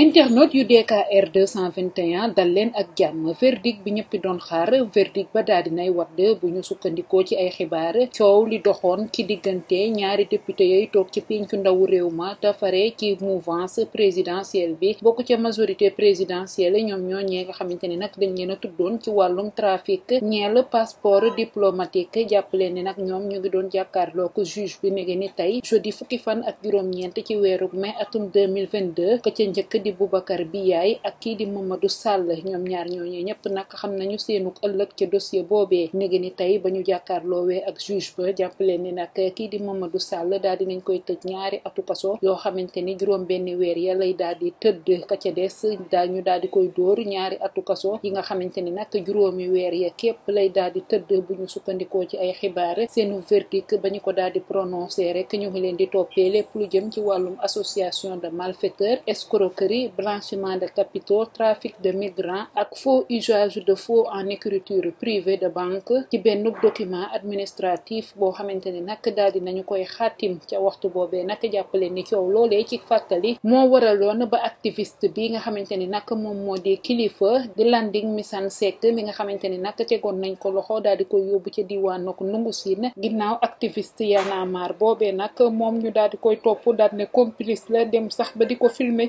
internet yu DKR 221 dal leen ak jàmm verdict bi ñëpp doon xaar verdict ba daal dinay wadd bu ñu sukkandikoo ci ay xibaar coow li doxoon ci diggante ñaari député yooyu toog ci pencu ndawu réew ma te fare ci mouvance présidentielle bi bokk ca majorité présidentielle ñoom ñoo ñee nga xamante ne nag dañ leen a tuddoon ci wàllum trafic ñeel passeport diplomatique jàpp leen ne nag ñoom ñu ngi doon jàkkaarloo ko juge bi nege ni tey jeudi fukki fan ak juróom-ñeent ci weeru mai atum 2022 ka ca njëkk di Boubacar Biaye ak kii di Mamadou Sall ñoom ñaar ñooñee ñëpp nag xam nañu seenu ëllëg ca dossier boobee néegi ni tey ba ñu jàkkaarloowee ak juge ba jàppale ni nag kii di Mamadou Sall daal di nañ koy tëj ñaari atu kaso yoo xamante ni juróom benn weer ya lay daal di tëdd ka ca des daal ñu daal di koy dóor ñaari atu kaso yi nga xamante ni nag juróomi weer ya képp lay daal di tëdd bu ñu sukkandikoo ci ay xibaar seenu verdict ba ñu ko dal di prononcé rek ñu ngi leen di toppee lépp lu jëm ci wàllum association de malfaiteurs escroquerie frauderie blanchiment de capitaux trafic de migrants ak faux usage de faux en écriture privée de banque ci benn document administratif boo xamante ne nag daal di nañu koy xaatim ca waxtu boobee nag jàppale ni coow loolee ci fàttali moo waraloon ba activiste bi nga xamante ni nag moom moo di kilifa di Landing Misan Seck mi nga xamante ni nag tegoon nañ ko loxo daal di ko yóbbu ca diwaanu Ndungu Siin ginnaaw activiste Y'en a marre boobee moom ñu daal koy topp daal ne complice la dem sax ba di ko filmer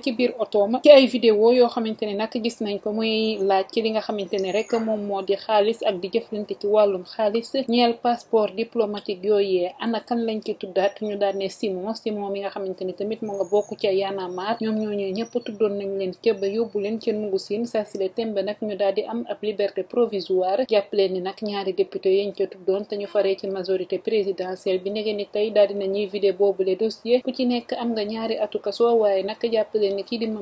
Thiam ci ay vidéo yoo xamante ne nag gis nañ ko muy laaj ci li nga xamante ne rek moom moo di xaalis ak di jëflante ci wàllum xaalis ñeel passeport diplomatique yooyee ana kan lañ ci tuddaat ñu daal ne Simon Simon mi nga xamante ne tamit moo nga bokk ca Y'en a ñoom ñooñu ñëpp tuddoon nañ leen képp yóbbu leen ca nungu siin saa si le tembe nag ñu daal di am ab liberté provisoire jàppaleen ni nag ñaari député yañ ca tuddoon te ñu faree ci majorité présidentielle bi nege ni tey daal dina ñuy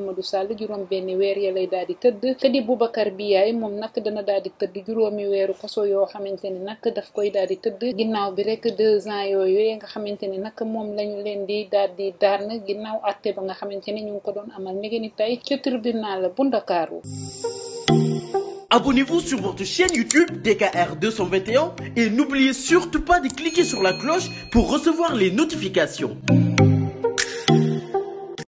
Mamadou Sall juróom benn weer ya lay daal di tëdd te di Boubacar Biaye moom nag dana daal di tëdd juróomi weeru kaso yoo xamante ni nag daf koy daal di tëdd ginnaaw bi rek deux ans yooyu nga xamante ni nag moom lañu leen di daal di daan ginnaaw atte ba nga xamante ni ñu ngi ko doon amal léegi ni tey ci tribunal bu Ndakaaru Abonnez-vous sur votre chaîne YouTube DKR 221 et n'oubliez surtout pas de cliquer sur la cloche pour recevoir les notifications.